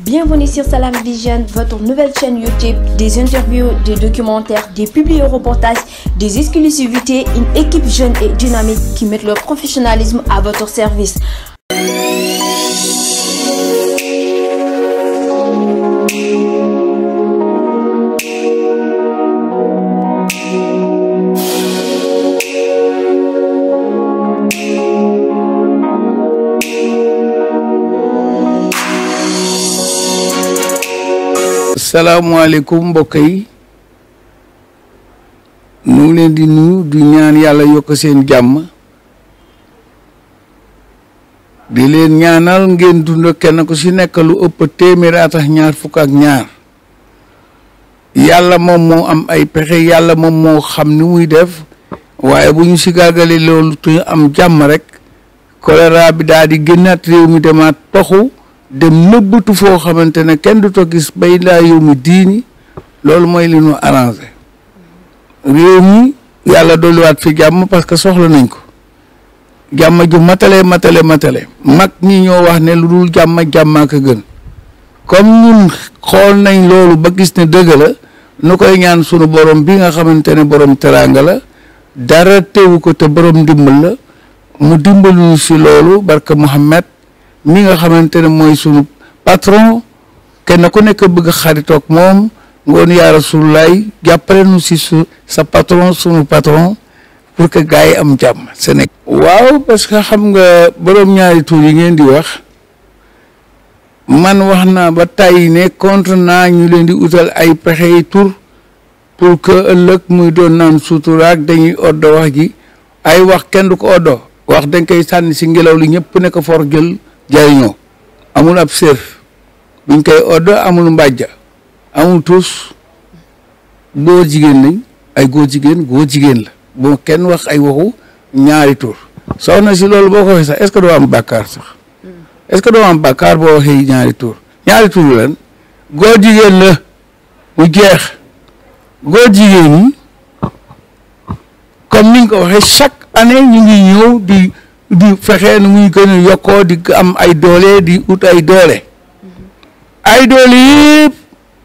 Bienvenue sur salaam Vision, votre nouvelle chaîne YouTube, des interviews, des documentaires, des publi-reportages, des exclusivités, une équipe jeune et dynamique qui met leur professionnalisme à votre service. salaamualeykum mbokk yi ñu leen di nuyu du ñaan yàlla yokk seen jàmm di leen ñaanal ngeen dund kenn ku ci nekk lu ëpp a téeméer at ak ñaar fukk ak ñaar yàlla moom moo am ay pexe yàlla moom moo xam ni muy def waaye bu ñu ci gàggale loolu te am jàmm rek choléra bi daal di génnaat réew mi demaat toxu dem nëbbatu foo xamante ne kenn du to gis bay laa yow mi diini loolu mooy li ñu arrangé réew mi yàlla dolliwaat fi jàmm parce que soxla nañ ko jàmm ju matale matale matale mag ñi ñoo wax ne lu dul jàmm jàmmaa ko gën comme ñun xool nañ loolu ba gis ne dëgg la nu koy ñaan sunu borom bi nga xamante ne borom teraanga la dara teewu ko te borom ndimbal la mu dimbalu si loolu barka Muhammad mi nga xamante ne mooy sunu patron kenn ku nekk bëgg xaritoog moom ngoon yaa rasulullaay jàppale nu si su sa patron sunu patron pour que gars yi am jàmm nekk waaw parce que xam nga borom ñaari tur yi ngeen di wax man wax naa ba tàyyi ne contre naa ñu leen di utal ay pexe tur pour que ëllëg muy doon naan suturaak dañuy oddo wax ji ay wax kenn du ko oddo wax dañ koy sànni si ngelaw li ñëpp ne ko for jël. jariñoo amul ab seef buñ koy odd amul mbàjja amul tuus góor jigéen lañ ay góor jigéen góor jigéen la bu kenn wax ay waxu ñaari tur soxna si loolu boo ko waxee sax est-ce que doo am bàkkaar sax hmm. est-ce que doo am bàkkaar boo waxee ñaari tur ñaari tur lan góor jigéen la mu jeex góor jigéen ñi comme niñ ko waxee chaque année ñu ngi ñëw di di fexe nu muy gën yokkoo di am ay doole di ut ay doole mm-hmm. ay doole yëpp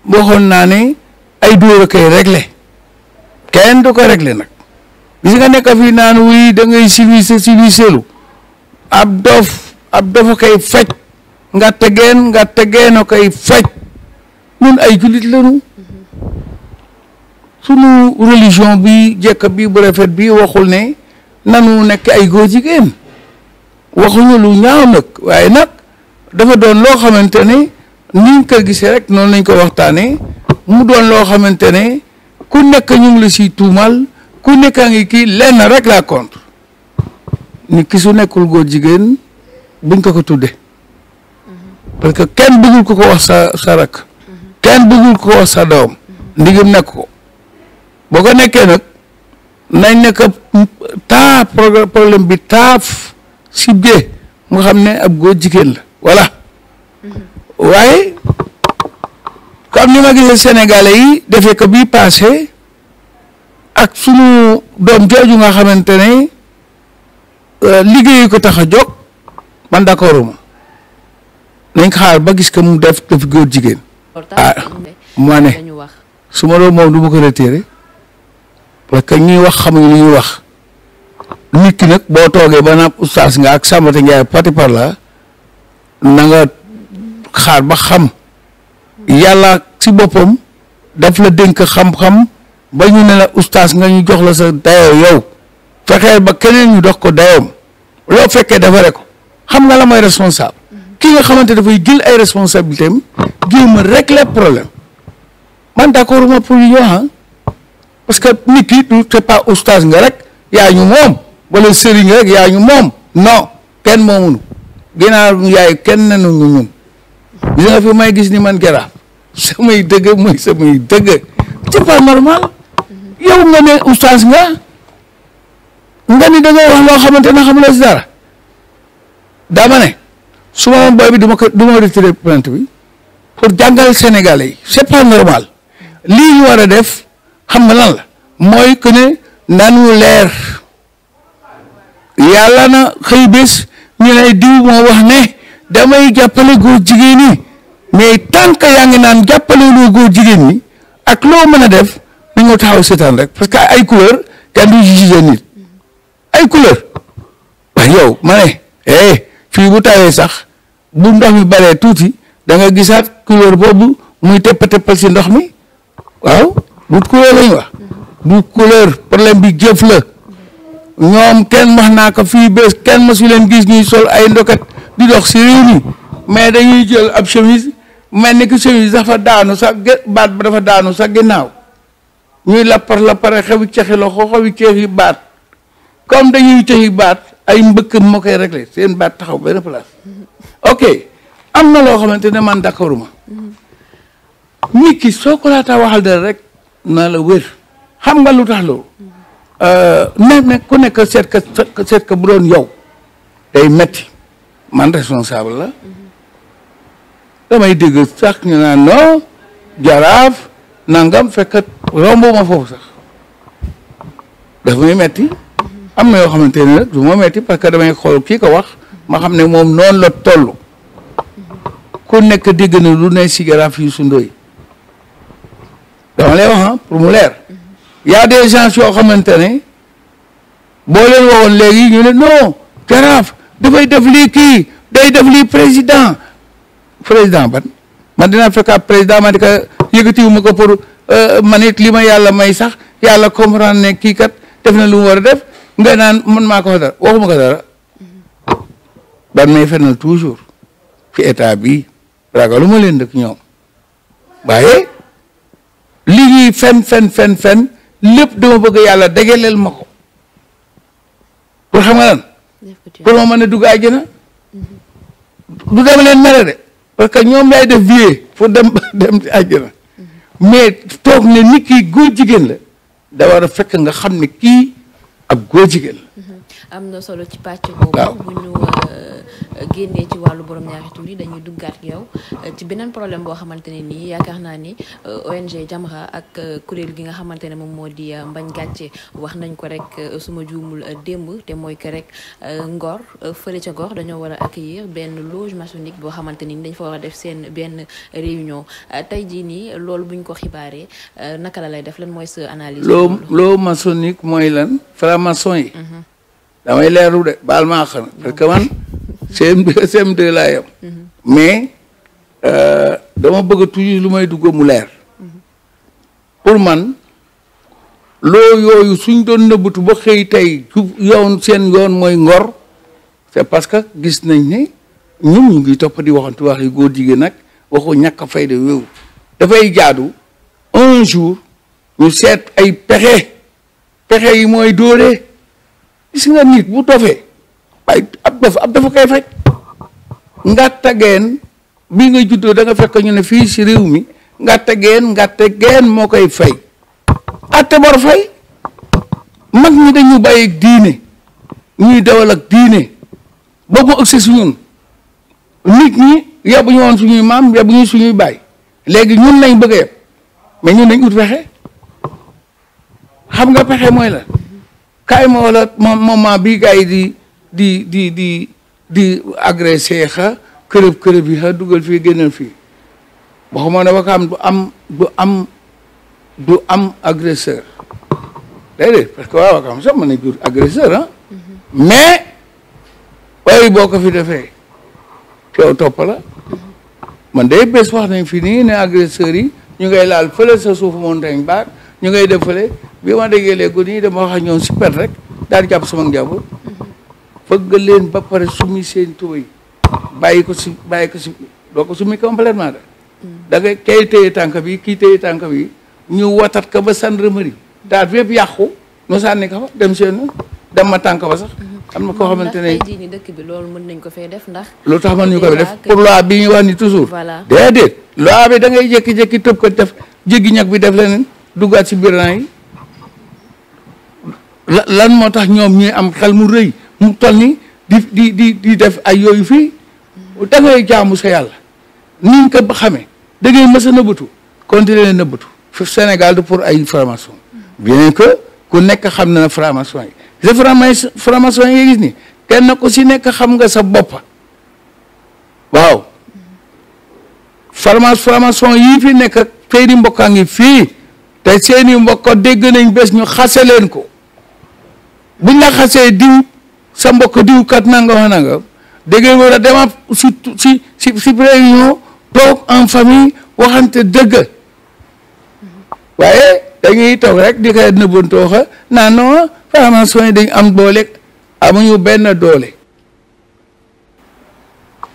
waxoon naa ne ay dóor a koy réglé kenn du ko réglé nag gis nga nekk fii naan wuy da ngay civilisé civilisé lu ab dof ab dofa faj nga tegeen nga tegeen faj ñun ay jullit lañu mm-hmm. sunu religion bi jekk bi bu bi waxul ne nanu nekk ay góor jigéen waxuñu lu ñaaw nag waaye nag dafa doon loo xamante ne niñ ko gisee rek noonu lañ ko waxtaanee mu doon loo xamante ne ku nekk ñu ngi la siy tuumal ku nekkaa ngi kii lenn rek la contre ni ki su nekkul góor jigéen buñ ko ko tuddee parce que kenn buggul ko ko wax sa sa rak kenn bëggul ko wax sa doom ndigam nekk ko boo ko nekkee nag nañ nekk taa problème bi taaf sibbee mu xam ne ab góor jigéen la voilà waaye comme ni ma gisee sénégalais yi defee ko bii passé ak sunu doom jooju nga xamante ne euh, liggéeyu ko tax a jóg man d'accorduma nañ ko xaar ba gis ko mu def def góor jigéen ah ma ne su ma doon moom du ma ko retiré parce ñuy wax xamuñ li wax nit ki nag boo toogee ba naam ustaas nga ak Sambata Ndiaye parti par la xaar ba xam yàlla si boppam daf la dénk xam-xam ba ñu ne la ustaas nga ñu jox la sa dayoo yow fexeel ba keneen ñu dox ko dayoom loo fekkee defaree ko xam nga la mooy responsable ki nga xamante dafay jël ay responsabilité am ma a régler problème man d'accord ma pour ñu ñëw ah. parce que nit ki du c'est pas nga rek yaa ñu moom. wala sëriñ rek yaa ñu moom non kenn moomuñu ginnaaw yaay kenn nanuñu ñun gis nga fi may gis ni man Jaraaf may dëgg mooy samay dëgg c'est pas normal yow nga ne oustaz nga nga ni da nga wax loo xamante ne xamuloo si dara dama ne su ma moom booy bi du ma ko du ma bi pour jàngal Sénégalais yi c'est pas normal lii ñu def xam nga la mooy que nanu leer yàlla na xëy bés ñu ne diw moo wax ne damay jàppale góor jigéen ñi mais tànk yaa ngi naan jàppale loo góor jigéen ñi ak loo mën a def nañoo taxaw seetaan rek parce que ay couleur kenn du nit ay couleur yow ma ne eh fii bu tawee sax bu ndox mi bare tuuti da nga gisaat couleur boobu muy tepp-teppal si ndox mi waaw bu couleur lañ wax bu couleur problème bi jëf la ñoom kenn wax naa ko fii bés kenn mësu leen gis ñuy sol ay ndokat di dox si réew mi mais dañuy jël ab chemise mel ni que chemise dafa daanu sa baat ba dafa daanu sax ginnaaw ñuy lappar lappare xew cexi loxo xewi cexi baat comme dañuy cexi baat ay mbëkk moo rek réglé seen baat taxaw benn place ok am na loo xamante ne man d'accorduma nit ki soo ko laataa waxal dara rek na la wér xam nga lu tax loolu Euh, mais mais ku nekk seet ka seet ka bu doon yow day metti man responsable la damay dégg sax ñu naan non jaraaf nangam fekkat romb ma foofu sax dafa may metti am na yoo xamante ne rek du ma metti parce que damay xool kii ko wax ma xam ne moom noonu la toll ku nekk dégg na lu ne si jaraaf yu dama lay wax ah, pour mu leer y a des gens yoo xamante ne boo leen waxoon léegi ñu ne non Jaraaf dafay def lii kii day def lii président président ban man dinaa fekkaat président ma di ko yëkkatiwu ma ko pour euh, man it li ma yàlla may sax yàlla comprendre ne kii kat def na lu mu war a def nga naan man maa ko fa dara waxuma ko dara ban may fenal toujours ci état bi ragaluma leen dëkk ñoom waaye li ñuy fen fen fen fen lépp dama bëgg yàlla dégeleel ma ko pour xam nga pour ma mën a dugg àjjana du dama leen mere de parce que ñoom lay def vie pour dem dem àjjana mais toog ne nit kii góor jigéen la dawar a fekk nga xam ne kii ab góor jigéen la am na solo ci pàcc boobu bu ñu euh, génnee ci wàllu borom ñaari tur yi dañuy duggaat yow euh, ci beneen problème boo xamante ne nii yaakaar naa ni euh, ONG Jamra ak kuréel gi nga xamante ne moom moo di mbañ gàcce wax nañ ko rek suma juumul démb te mooy que rek Ngor fële ca Ngor dañoo war a accueillir benn loge machonique boo xamante ni dañ fa war a def seen benn réunion tey jii nii loolu buñ ko xibaaree naka la lay def lan mooy sa analyse. loo loo mooy lan franc-maçon damay leeru de baal maa xam parce que man CM2 CM2 laa yem mais euh, dama bëgg toujours lu may dugg mu leer pour man loo yooyu suñ doon nëbbatu ba xëy tey su yoon seen yoon mooy ngor c'est parce que gis nañ ni ñun ñu ngi topp di waxantu wax yu góor jigéen nag waxu ñàkk fayda wéewu dafay jaadu un jour ñu seet ay pexe pexe yi mooy dóoree gis nga nit bu dofee waaye ab dof ab dafa koy faj ngàtta geen bii nga juddoo danga fekk ñu ne fii si réew mi ngàtta geen ngàtta geen moo koy fay atte bor fay mag ñi dañu bàyyi diine ñuy dewal ak diine ba mu ëgsi ñun nit ñi yebbu ñu woon suñuy maam yebbu ñu suñuy baay léegi ñun lañ bëgg a yeb mais ñun dañ ut pexe xam nga pexe mooy la kaay ma wala moment bii gars di di di di di agressé xa kërëb kërëb yi xa dugal fii génnal fii waxuma ne wakaam du am du am du am agresseur déedéet parce que waa wakaam sax mën na jur agresseur ah mhm. mais waaye boo ko fi defee yow topp la mhm. man day bés wax nañ fi nii ne agresseurs yi ñu ngay laal fële sa suuf montagne baat ñu ngay def fële bi ma déggee léegi nii dama wax ak ñoom si rek daal di jàpp sama njaboot bëgg leen ba pare sumi seen tubéy bàyyi ko si bàyyi ko si doo ko sumi complètement mm. da ngay kay téye tànk bi kii téye tànk bi ñu watat ko ba gendarmerie daal bépp yàqu nu sànni ko fa dem seen dem ma tànk ba sax am na koo xamante ne ni dëkk bi loolu mën nañ ko fay def ndax lu tax mën ñu ko def pour loi bi ñu wax ni toujours déedéet loo bi da ngay jékki-jékki tëb ko def jéggi ñag bi def leneen duggaat ci biir rang yi lan moo tax ñoom ñuy am xel mu rëy mu toll ni di di di def ay yooyu fii da ngay jaamu sa yàlla ni nga ko xamee da ngay mës nëbbatu continuer nëbbatu fi Sénégal de pour ay franc bien que ku nekk xam na ne franc yi sa franc-maçon yi nga gis ni kenn ku si nekk xam nga sa boppa waaw franc-maçon yii fi nekk ak tey di mbokkaa ngi fii te seeni mbokk dégg nañ bés ñu xase leen ko bu la xasee diw sa mbokk diw kat nanga wa nanga dégg nga war a dem si si si si réunion toog en famille waxante dëgg waaye dañuy toog rek di koy nëbbantooxa naa non franc-maçon yi dañ am doole amuñu benn doole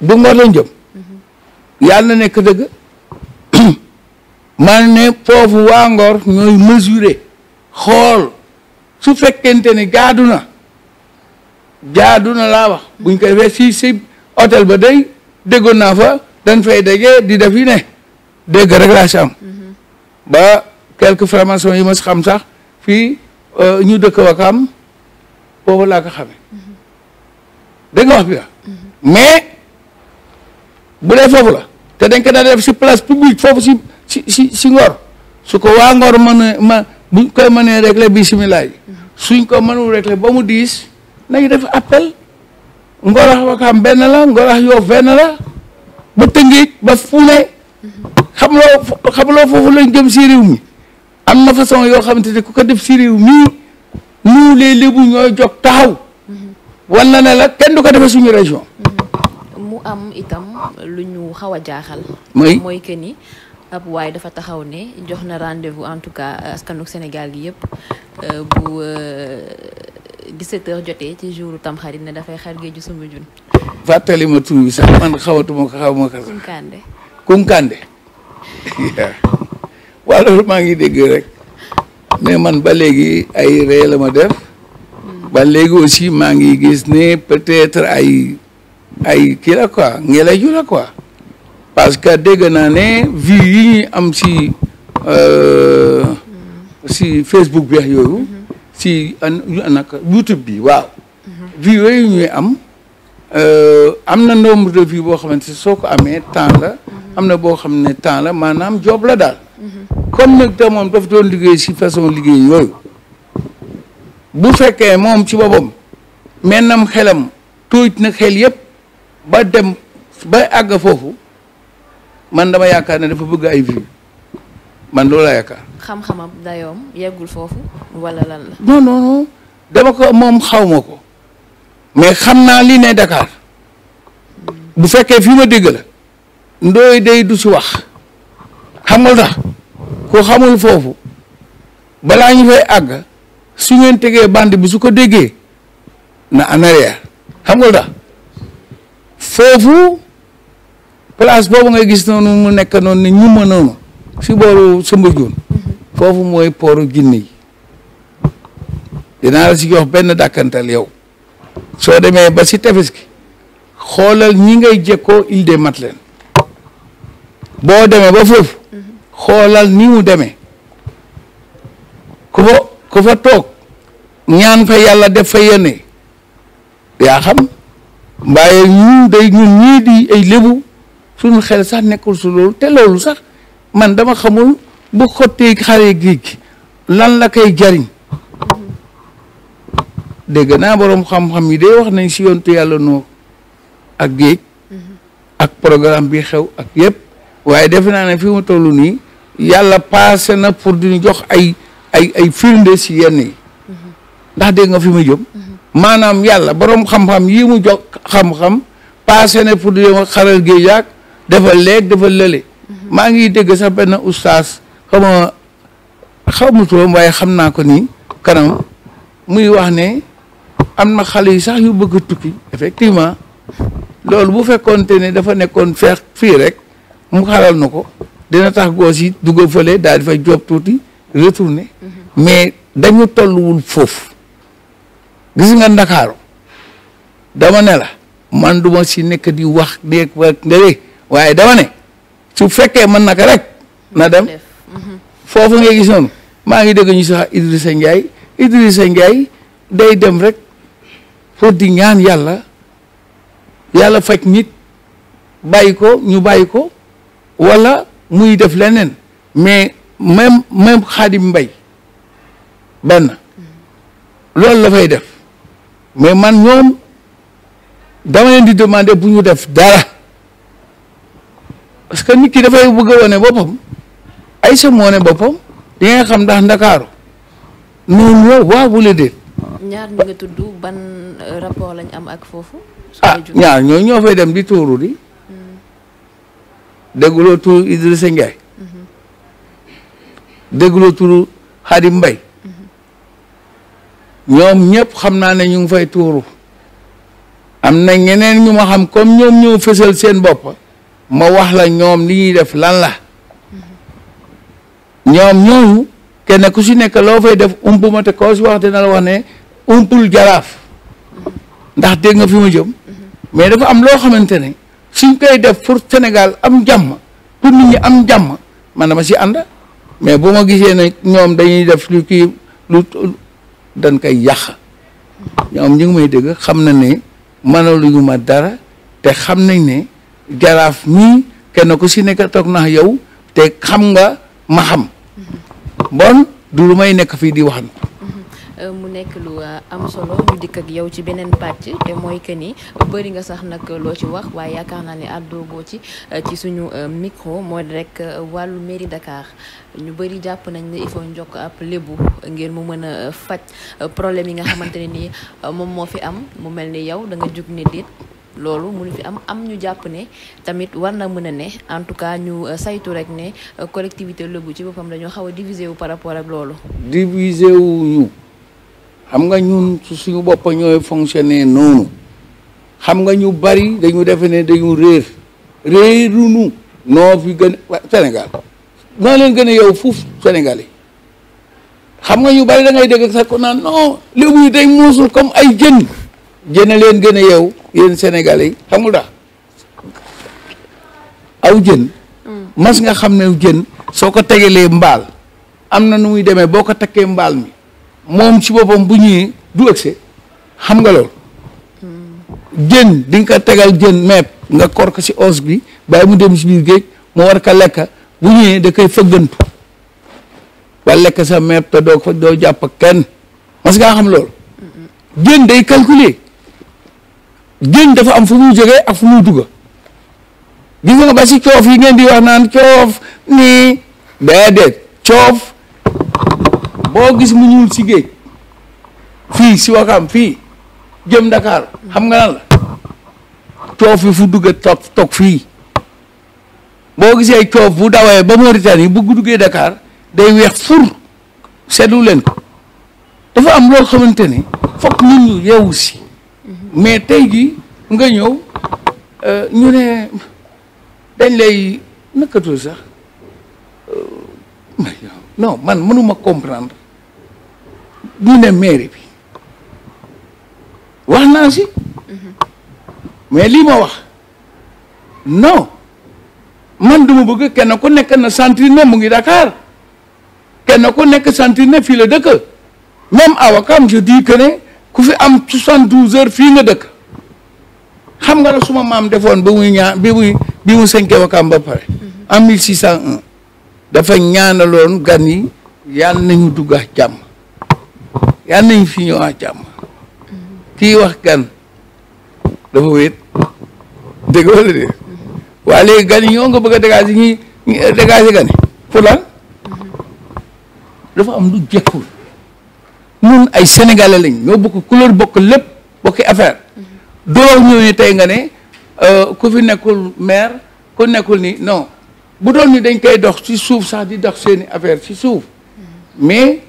bu ngor lañ jëm mhm. yàlla nekk dëgg man foofu waa Ngor ñooy mesurer xool su fekkente ne jaadu na jaadu na laa wax buñ ko defee si si hôtel ba day déggoon naa fa dañ fay déggee di def yi ne mhm. ba quelques formations yi ma si xam sax fii euh, ñu dëkk Wakam foofu laa ko xamee mhm. dégg nga wax mhm. mais bu dee foofu la te dañ ko daan si place publique foofu si si si si ngor su ko waa ngor mën a ma buñ koy mënee régler bisimilah suñ ko mënul régler ba mu diis nañ def appel ngorax am benn la ngorax yoof benn la ba tëngeej ba fu ne xamloo xamloo foofu lañ jëm si réew mi am na façon yoo xamante ne ku ko def si réew mii nous les lébu ñooy jog taxaw wala ne la kenn du ko defee suñu région mu am itam lu ñu xaw a jaaxal mooy que ni ab waaye dafa taxaw ne jox na rendez-vous en tout cas askanuk Sénégal gi yëpp euh, bu 17 euh, jotee ci jouru tamxarit ne dafay xar géeju sumba jun fàttali ma tur bi sax man xawatuma ko xawma ko sax kunkande kunkande waaw loolu maa ngi dégg rek mais man ba léegi ay ree la ma def hmm. ba léegi aussi maa ngi gis ne peut ay ay kii la quoi ngelaju la quoi parce que dégg naa ne vues yi ñuy am si si euh, Facebook bi yooyu si an naka YouTube bi waaw vues yooyu ñuy am euh, am na nombre de vues boo xamante si soo ko amee temps la am na boo xam ne temps la maanaam job la daal comme nag te daf doon liggéey si façon liggéey yooyu bu fekkee moom ci boppam mennam xelam tuuj na xel yëpp ba dem ba àgg foofu man dama yaakaar ne dafa bëgg ay vues man loolu laa yaakaar. xam-xamam dayoom yeggul foofu wala lan la. non dama ko moom xaw ma ko mais xam naa li ne dakaar bu fekkee fi ma dégg la ndooy day du si wax xam nga tax ku xamul foofu balaa ñu fay àgg su ngeen tegee bande bi su ko déggee na en arrière xam nga tax foofu. place boobu ngay gis noonu mu nekk noonu ne ñu ma noonu si booru Soumbédioune foofu mooy pooru Guinée yi dinaa la si jox benn dàkkantal yow soo demee ba si tefes gi xoolal ñi ngay jekkoo Île des Madeleines boo demee ba foofu xoolal ni mu demee ku fa ku fa toog ñaan fa yàlla def fa yéene yaa xam mbaaye ñun day ñun ñii di ay lébu suñu xel sax nekkul su loolu te loolu sax man dama xamul bu xottee xaree géej gi lan la koy jariñ dégg naa boroom xam-xam yi day wax nañ si yoon yontu yàlla noo ak géej ak programme bi xew ak yépp waaye defe naa ne fi mu toll nii yàlla passé na pour diñu jox ay ay ay firnde si yenn yi ndax dégg nga fi ma jëm maanaam yàlla boroom xam-xam yi mu jox xam-xam passé na pour di xaral géej ak dafa leeg dafa lële. Mhm. maa ngi dégg sax benn oustaz xama xamu turam baay xam naa ko ni kanam muy wax ne am na xale yi sax yu bëgg a tukki effectivement loolu bu fekkoonte ne dafa nekkoon feex fii rek mu xalal na ko dina tax goos yi dugg fële daal di fay job tuuti retourné mhm. mais dañu tolluwul foofu gis nga ndakaaru dama ne la man du ma si nekk di wax déeg wa ndéree waaye dama ne su fekkee mën naka rek na dem mhm. foofu ngay gis noonu maa ngi dégg ñu sax Idrissa Ndiaye Idrissa Ndiaye day dem rek pour di ñaan yàlla yàlla faj nit bàyyi ko ñu bàyyi ko wala muy def leneen mais même même Xaadim Mbay benn loolu la fay def mais man ñoom dama leen di demander bu ñu def dara parce que nit ki dafay bëgg a wane boppam ay sa moo boppam di nga xam ndax ndakaaru noonu la waa bu la déet. Euh, lañ am ak foofu. ah ñaar ñoo ñoo fay dem di tuuru di. Mm. dégguloo turu Idrissa Ndiaye. Mm-hmm. dégguloo turu Khadim Mbaye. Mm-hmm. ñoom ñëpp xam naa ne ñu ngi fay tuuru. am na ñeneen ñu ma xam comme ñoom ñoo fësal seen bopp. ma wax la ñoom li ñuy def lan la ñoom ñooñu kenn ku si nekk loo fay def ump ma te koo si wax dina la wax ne umpul jaraaf ndax dégg nga fi ma jëm mais dafa am loo xamante ne suñ koy def pour Sénégal am jàmm pour nit ñi am jàmm man ma si ànd mais bu ma gisee ne ñoom dañuy def lu kii lu dañ koy yàq ñoom ñu ngi may dégg xam na ne mënaluñu ma dara te xam nañ ne jaraaf mii kenn ku si nekk toog na yow te xam nga ma xam bon du lu may nekk fii di waxan euh, mu nekk lu euh, am solo ñu dikk ak yow ci beneen pàcc te mooy que ni bëri nga sax nag loo ci wax waaye yaakaar naa ne àddoogoo ci euh, ci suñu micro mooy rek wàllu mairie Dakar ñu bëri jàpp nañ ne il faut njokk ab lébu ngir mu mën a faj problème yi nga xamante ne ni moom moo fi am mu mel ni yow danga nga jug ne loolu munu fi am am ñu jàpp ne tamit war na mën a ne en tout cas ñu euh, saytu rek ne euh, collectivité Lebu ci boppam dañoo xaw a diviser wu par rapport ak loolu. diviser wu ñu xam nga ñun suñu bopp ñooy fonctionner noonu xam nga ñu bari dañu defe ne dañu réer réerunu noo fi gën Sénégal noo leen gën a yow fuuf Sénégal xam nga ñu bari da ngay dégg sax non lébu yi day comme ay jën. jën leen gën a yow yéen Sénégalais yi xamul daa aw jën mas nga xam ne jën soo ko tegalee mbaal am na nu muy demee boo ko takkee mbaal mi moom si boppam bu ñuy du ëgse xam nga loolu jën di ko tegal jën meeb nga kor si os bi bàyyi mu dem si géej mu war ko lekka bu ñëwee da koy fëggantu ba lekk sa te doo ko doo jàpp kenn mas xam loolu jën day calculer génn dafa am fu mu jógee ak fu mu dugg gis nga ba si coof yi ngeen di wax naan coof nii déedéet coof boo gis mu ñuul si géej fii si Wakaam fii jëm Dakar xam nga lan la coof yi fu dugge toog fii boo gisee coof bu dawee ba Mauritanie bu duggee Dakar day weex fur seetlu leen ko dafa am loo xamante ne foog ñun ñu yeewu si mais tey jii nga ñëw euh, ñu ne dañ lay nakkatul sax euh, no man mënuma comprendre ñu ne mairie bi wax naa si mais lii ma wax non man duma bëgg kenn ku nekk na sentir ne mu ngi Dakar kenn ku nekk sentir ne fii la dëkk même awakam je dis que ku fi am soixante-douze heures fii nga dëkk xam nga ne suma maam defoon bi muy ñaan bi muy bi mu sënkee wakaam ba pare en mille six cent un dafa ñaanaloon gan yi yàlla nañu dugg jàmm yàlla nañu fi ñëw ak jàmm kii wax gan dafa wéet dëgg wala de waaye gan yi ñoo nga bëgg a dégager ñi dégager gan yi pour lan dafa am lu jekkul ñun ay sénégalais lañ ñoo bokk couleur bokk lépp bokki affaire doo ñëw ni tey nga ne euh, ku fi nekkul maire ku nekkul ni non bu doon ni dañ koy dox ci suuf sax di dox seeni affaire ci suuf mais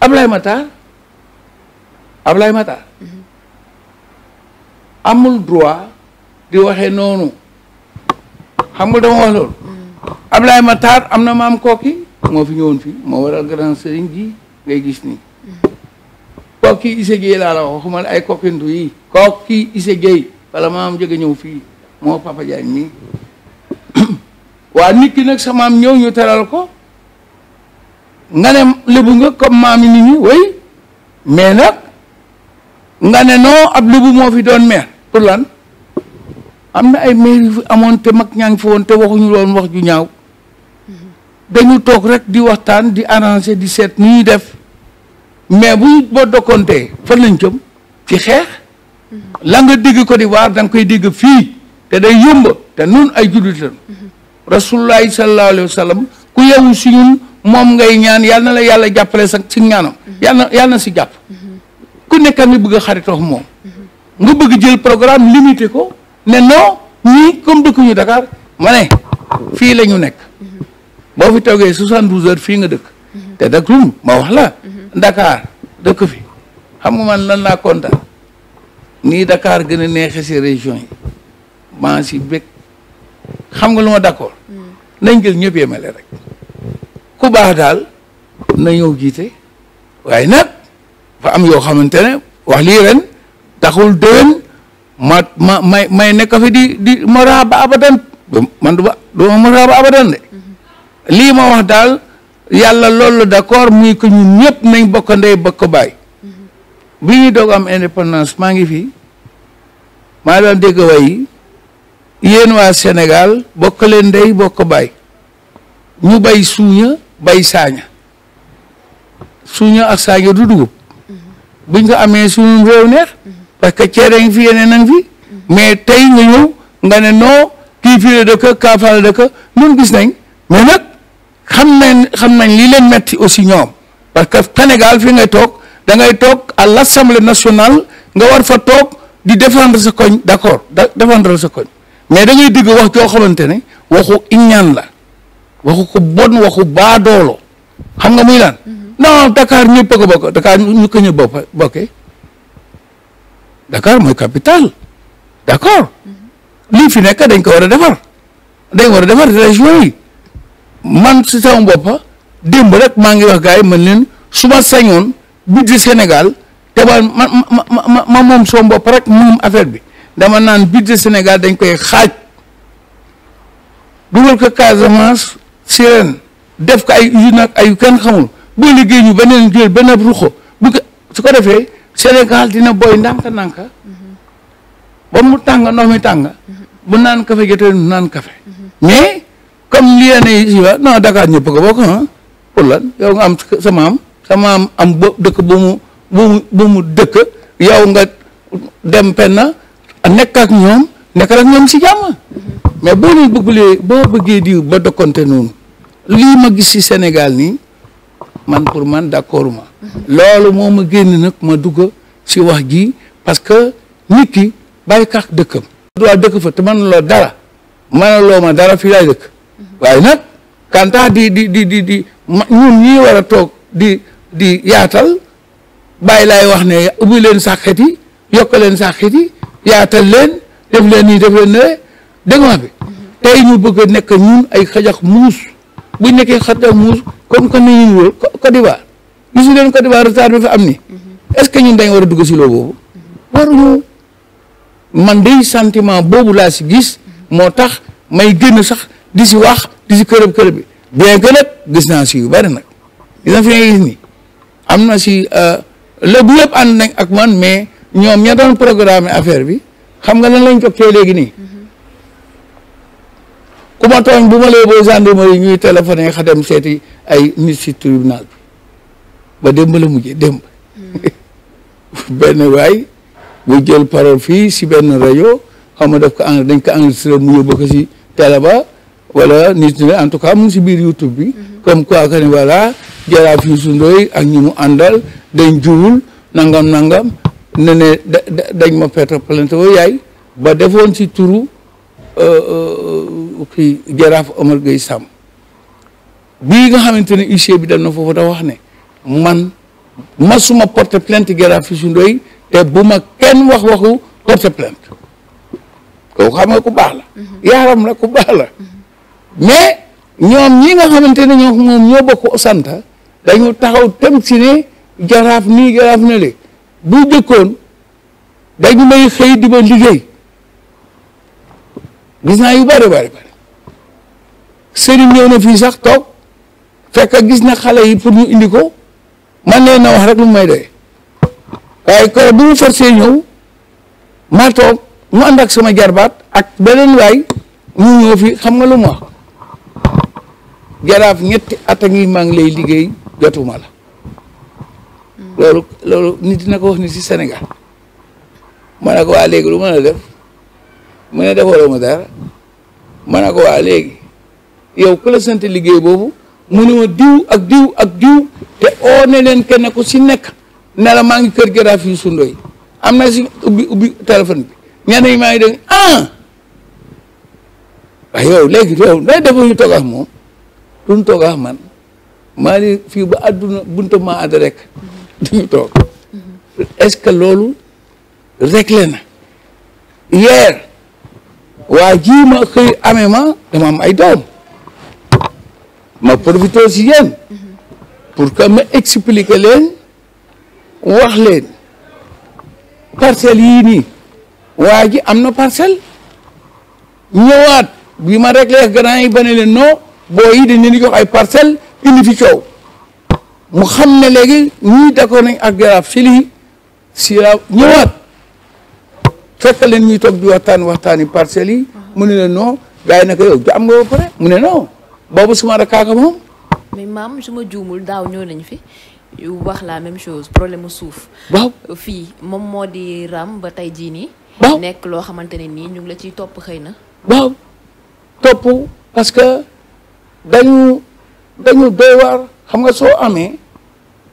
Ablaye Matar Ablaye Matar amul droit di waxee noonu xam nga dama wax am na maam kooki moo fi ñëwoon fii moo waral grand sëriñ ji ngay gis nii kokki Issa Gueye laa la wax ay kokkindu yi ki Issa Gueye bala maam jóge ñëw fii moo Papa Diagne mii waa nit ki nag sa maam ñëw ñu teral ko nga ne lébu nga comme maam yi nit ñi way mais nag nga ne non ab lébu moo fi doon maire pour lan am na ay maire yu fi amoon te mag ñaa ngi fi woon te waxuñu loon wax ju ñaaw mm-hmm. dañu toog rek di waxtaan di arranger di seet nu ñuy def mais bu boo dokkontee fan lañ jëm fi xeex lan nga dégg Côte d'Ivoire da nga koy dégg fii te day yomb te nun ay jullit lañ rasulullahi sallallahu alayhi wa ku yewu si ñun moom ngay ñaan yal na la yàlla jàppale sa si ñaanam yal na si jàpp ku nekk nga bëgg a xaritoo moom nga bëgg jël programme limité ko ne non ñii comme dëkkuñu Dakar ma ne fii la ñu nekk boo fi toogee soixante douze heures fii nga dëkk te dak ma wax la Dakar dëkk fi xam nga man lan laa kontaan nii dakaar gën a neexe si région yi maa si bég xam nga lu ma d'accord mm. nañ jël ñëpp yemale rek ku baax daal na ñëw jiite waaye nag fa am yoo xamante ne wax lii ren taxul déwén ma ma may nekk fi di di ma raaba abadan man du ba du ma raaba abadan de mm-hmm. lii ma wax daal yàlla loolu d'accord muy que ñun nañ bokk ndey bokk baay mm-hmm. bi ñuy doog am indépendance maa ngi fi maa daan dégg way yi yéen waa Sénégal bokk leen ndey bokk baay ñu bay suuña bay saaña suuña ak saaña du dugub mm-hmm. buñ ko amee suñu réew neex mm-hmm. parce que ceere ngi fi yeneen nang fi mais tey nga ñëw nga ne noo kii la dëkk kaafaan la dëkk ñun gis nañ mais xam nañ xam nañ lii leen metti aussi ñoom parce que Sénégal fi ngay toog dangay toog à l' national nga war fa toog di défendre sa koñ d' accord défendre sa koñ mais da ngay digg wax joo xamante ne waxu iñaan la waxu ko bon waxu baadoolo xam nga muy lan. Mm-hmm. non Dakar ñëpp a ko bokk Dakar ñu ko ñu bopp bokkee mooy capitale d' mm-hmm. lii fi nekk dañ ko war a defar dañ war a defar région yi. man si sama boppa démb rek maa ngi wax gars yi man leen su ma sañoon senegal Sénégal te ba ma ma ma ma moom sama bopp rek moom affaire bi dama naan budget senegal dañ koy xaaj dugal ko Casamance Sirène def ko ay usine ay kenn xamul boo liggéey ñu beneen jël beneen ruxo su ko defee senegal dina booy ndànk-ndànk mm-hmm. ba mu tàng ndox mi tàng mm-hmm. bu naan kafe jotee naan kafe mm-hmm. mais comme li yi wa non Dakar ñëpp ko bokk ah lan yow nga am sa maam sa maam am ba dëkk bu mu dëkk yow nga dem penna nekk ak ñoom nekk ñoom si jàmm mais boo leen bëggulee boo bëggee diw ba dokkonte noonu lii ma gis si Sénégal nii man pour man d'accord ma loolu moo ma génn nag ma dugg si wax ji parce que nit ki bàyyi kàq dëkk fa te man loo dara man loo ma dara fii laay dëkk. waaye nag kanta di di di di di ñun ñii war a toog di di yaatal bàyyi lay wax ne ubbi leen sàkket yi yokk leen sàkket yi yaatal leen def leen nii def leen ne dégg nga bi tey ñu bëgg a nekk ñun ay xajax muus bu nekkee xajax muus kon kon nañu wóor Côte d'Ivoire gisu leen Côte d'Ivoire retard bi am ni est-ce que ñun dañ war a dugg si loo boobu waruñu man day sentiment boobu laa si gis moo tax may génn sax di si wax di si kërëb kërëb bi bien que gis naa si yu bari nag gis naa fi nga gis ni am na si euh, léegi yëpp ànd nañ ak man mais ñoom ña doon programme affaire bi xam nga lan lañ jokkee léegi nii ku ma tooñ bu ma lee boo gendarmerie ñuy téléphoné xa dem seeti ay nit si tribunal bi ba démb la mujjee démb benn waay bu jël parole fii si benn rajo xam nga daf ko en dañ ko enregistré mu yóbbu ko si télé ba wala nit ñi en tout cas mu si biir YouTube bi. Mhm. comme quoi que ni voilà jaraaf Youssou Ndoye ak ñu mu àndal dañ juwul nangam nangam ne ne dañ ma perte plainte woo oh, yaay ba defoon si turu euh, euh, kii jaraaf Omar Gueye Samb bii nga xamante ne huissier bi dem na foofu da wax ne man masuma porte plainte jaraaf Youssou Ndoye te bu ma kenn wax waxu porte plainte kooku xam nga ku baax la. Mhm. yaaram la ku baax la. Mhm. mais ñoom ñi nga xamante ne ñoo moom ñoo bokk santa dañu taxaw tem si ne jaraaf nii jaraaf na le bu jëkkoon dañu may xëy di ma liggéey gis naa yu bëri bëri bëri sëriñ ñëw na fii sax toog fekk gis na xale yi pour ñu indi ko man leen na wax rek lu may doy waaye ko bu mu forcé ñëw maa mu ànd ak sama jarbaat ak beneen waay ñu ñëw fii xam nga lu mu wax jaraaf ñetti at ngi maa ngi lay liggéey jotuma la hmm. loolu loolu nit dina ko wax ni si senegal ma ne ko waa léegi lu mën a def mu ne defaloo ma dara ma ne ko waa léegi yow ku la sant liggéey boobu mu ne ma diw ak diw ak diw te oo ne leen kenn ku si nekk ne maa ngi kër jaraaf yu sundoo am na si ubbi ubbi téléphone bi ñenn yi maa ngi dégg ah waaye yow léegi yow day def ñu toog moom duñ toog ak man maa ngi fii ba àdduna bunta maa àdd rek duñu toog est-ce que loolu réglé na yeer waa ji ma xëy amee ma dama ay doom ma profité si yéen pour que ma expliquer leen wax leen parcelle yii nii ji am na parcelle ñëwaat bi ma réglé grand yi ba leen non boo yi dañ ni di jox ay parcelles indi fi coow mu xam ne léegi ñii d'accord nañ ak jaraaf si lii si la ñëwaat fekk leen ñuy toog di waxtaan waxtaani parcelles yi mu ne leen non gars yi naka yow am nga ba pare mu ne non boobu suma da moom mais maam suma ma juumul daaw ñëw nañu fi wax la même chose problème mu suuf waaw fii moom moo di ram ba tey jii nii waaw nekk loo xamante ne nii ñu ngi la ciy topp xëy na waaw topp dañu dañu waar xam nga soo amee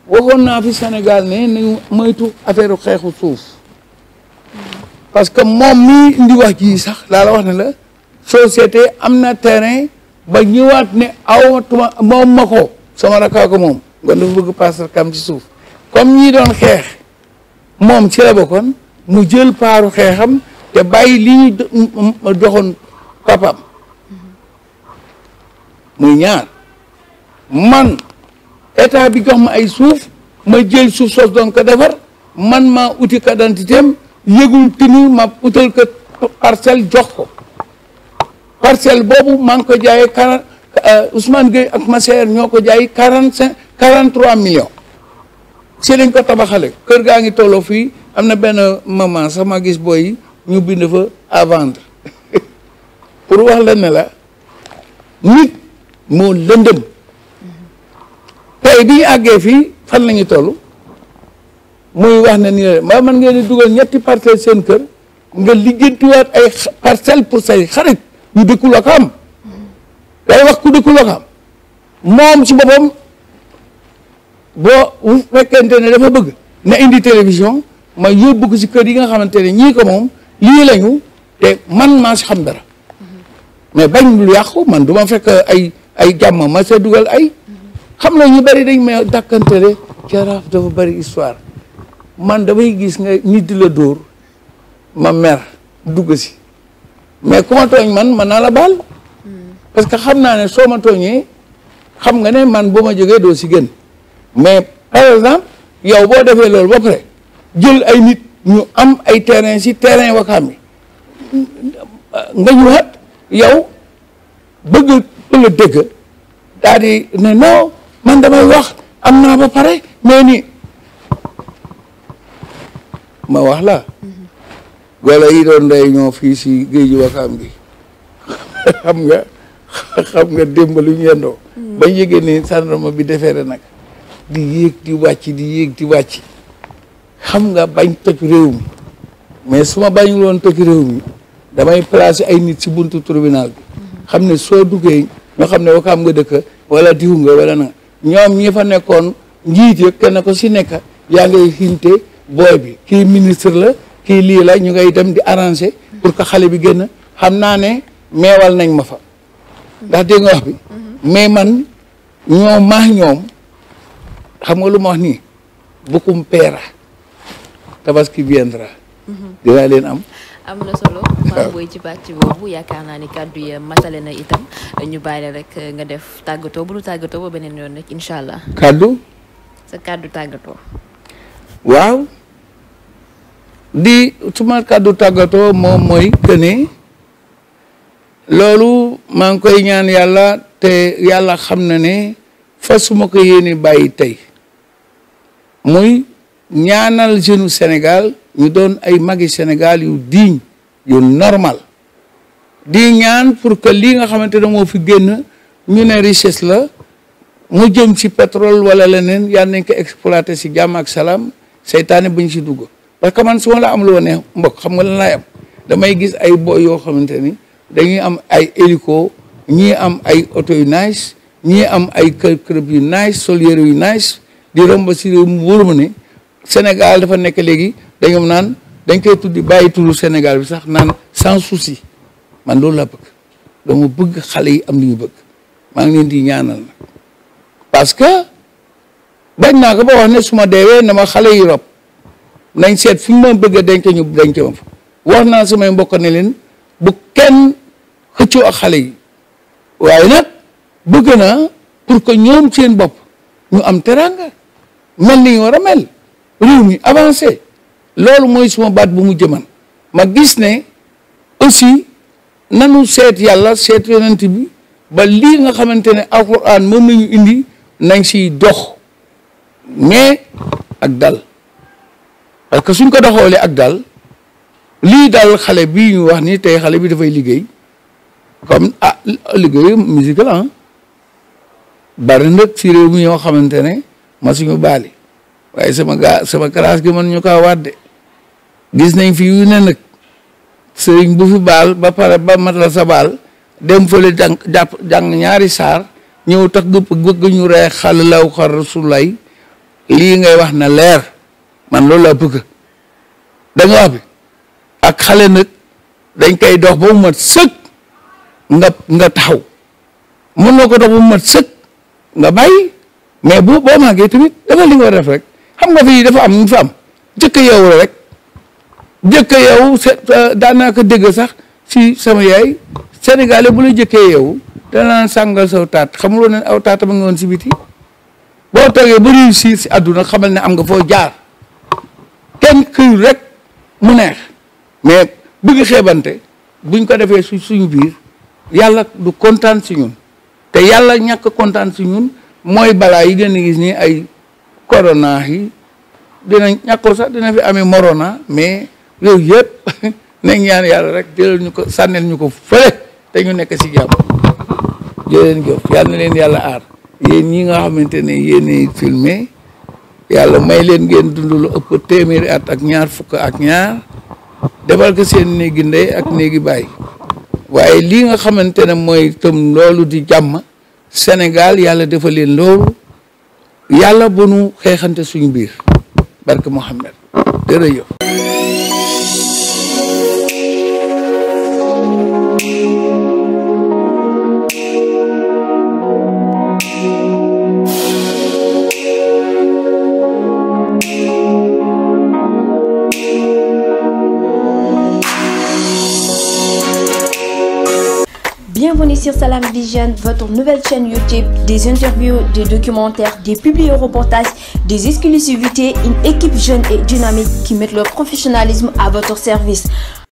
waxoon naa fi Sénégal ne nañu moytu affaire xeexu suuf parce que moom mii indi wax jii sax laa la wax ne la société am na terrain ba ñëwaat ne awatuma moom ma ko sama rakkaa ko moom kon dafa bëgg passer kam ci suuf comme ñi doon xeex moom ci la bokkoon mu jël paaru xeexam te bàyyi li ñu doxoon papam muy ñaar man état bi jox ma ay suuf ma jël suuf soos doon defar man ma uti carte d'identité am yëgul ma utal ko parcelle jox ko parcelle boobu maa ko jaay quarante euh, Ousmane Gueye ak Massaer ñoo ko jaay quarante cinq quarante trois millions si dañ ko tabaxale kër gaa ngi tolloo fii am na benn maman sax ma gis booy ñu bind fa à vendre pour wax la ne nit moo lëndëm tey bi ñu àggee fii fan la ñu toll muy wax ne nii la mbaa man ngeen di dugal ñetti parcelle seen kër nga liggéentiwaat ay parcelle pour say xarit yu dëkkul ak day wax ku dëkkul ak moom ci boppam boo bu fekkente ne dafa bëgg na indi télévision ma yóbbu ko si kër yi nga xamante ne ñii ko moom lii lañu te man maa ci xam dara mm-hmm. mais bañ lu yàqu man du fekk ay ay jàmm ma sa dugal ay xam na ñu bëri dañ may dàkkantale jaraaf dafa bëri histoire man damay gis nga nit di la dóor ma mer dugg si mais ku ma tooñ man mën naa la baal parce que xam naa ne soo ma tooñee xam nga ne man boo ma jógee doo si gën mais par exemple yow boo defee loolu ba pare jël ay nit ñu am ay terrain si terrain Wakaam bi nga ñëwaat yow bëgg la dégg daa na ne man damay wax am naa ba pare mais ma wax la golo yi doon day ñoo fii si géeju wakaam gi xam nga xam nga démb lu ñu yendoo ba yégée ni sandarma bi defeere nag di yéeg di wàcc di yéeg di wàcc xam nga bañ toj réew mi mais suma bañ bañuloon toj réew mi damay placer ay nit si buntu tribunal bi xam ne soo duggee nga xam ne wakaam nga dëkk wala diw nga wala na ñoom ñi fa nekkoon njiit yëpp kenn ko si nekk yaa ngay xinte booy bi kii ministre la kii lii la ñu ngay dem di arranger pour que xale bi génn xam naa ne meewal nañ ma fa ndax dégg nga wax bi mais man ñoom maa ñoom xam nga lu ma wax nii bukum peera tabaski viendra mhm. dinaa leen am am na solo Pape ah. Boye ci pàcc boobu yaakaar naa ni kàddu yi masale na itam ñu bàyyi rek nga def tàggatoo bu nu tàggatoo ba beneen yoon rek incha allah. kàddu. sa kàddu tàggatoo. waaw di suma kàddu tàggatoo moom mooy que loolu maa ngi koy ñaan yàlla te yàlla xam na ne fa suma ko yéene bàyyi tey muy. ñaanal jeune Sénégal ñu doon ay magi Sénégal yu digne yu normal di ñaan pour que lii nga xamante ne moo fi génn ñu ne richesse la mu jëm si pétrole wala leneen yal nañ ko exploité si jàmm ak salaam seytaane ñu si dugg parce que man su la am loo ne mbokk xam nga lan laay am damay gis ay boy yoo xamante ni dañuy am ay hélico ñii am ay oto yu nice ñii am ay kër kër yu nice sol yére yu nice di romb si réew mu wóor ma ne Sénégal dafa nekk léegi dañoom naan dañ koy tudd bàyyi turu Sénégal bi sax naan sans souci man loolu laa bëgg mu bëgg xale yi am li ñu bëgg maa ngi leen di ñaanal nag parce que bañ naa ko ba wax ne suma ma deewee na ma xale yi rob nañ seet fi ñu ma bëgg a denc ñu denc ma wax naa sama mbokk ne leen bu kenn xëccoo ak xale yi waaye nag bëgg naa pour que ñoom seen bopp ñu am teranga mel ni ñu war a mel réew mi avancé loolu mooy suma baat bu mu jëman ma gis ne aussi nanu seet yàlla seet yonent bi ba lii nga xamante ne alquran moom nañu indi nañ si dox mais ak dal parce que suñ ko doxoolee ak dal lii dal xale bi ñu wax ni tey xale bi dafay liggéey comme ah liggéey musique la ah. bari nag si réew mi yoo xamante ne ma suñu baale waaye sama gaa sama classe gi man ñu kaa wadde gis nañ fi yu ne nag sëriñ bu fi baal ba pare ba matal sa baal dem fale jàng jàpp jàng ñaari saar ñëw tax gëpp bëgg ñu rey xal law xar rasulay lii ngay wax na leer man loolu laa bëgg da nga wax bi ak xale nag dañ koy dox ba mu mat nga nga taxaw mën na ko dox ba mu mat nga bàyyi mais bu boo màggee tamit dafa li nga war xam nga fii dafa am mu fi am jëkk yeewu la rek jëkk yeewu euh, daanaa ko sax si sama yaay sénégalais bu la jëkkee yeewu dana naan sàngal saw taat xamuloo ne aw taata ba nga woon si biti boo toogee ba réussir si àdduna xamal ne am nga foo jaar kenn këyul rek mu neex mais bëgg xeebante buñ ko defee su suñu biir yàlla du kontaan si ñun te yàlla ñàkk kontaan si ñun mooy balaa yi gën a gis nii ay corona yi dina ñàkkul sax dina fi amee morona mais réew yëpp nañ ñaan yàlla rek jëlal ñu ko sànneel ñu ko fële te ñu nekk si jàmm jëleen jëf yàlla leen yàlla aar yéen ñi nga xamante ne yéenay filmé yàlla may leen ngeen dund lu ëpp téeméeri at ak ñaar fukk ak ñaar defal ko seen néegi ndey ak néegi baay waaye lii nga xamante ne mooy tam loolu di jàmm Sénégal yàlla defal leen loolu yàlla bu nu xeexante suñu biir barke Mouhamed jërëjëf sur Salam Vision, votre nouvelle chaîne YouTube, des interviews, des documentaires, des publi-reportages, des exclusivités, une équipe jeune et dynamique qui met leur professionnalisme à votre service.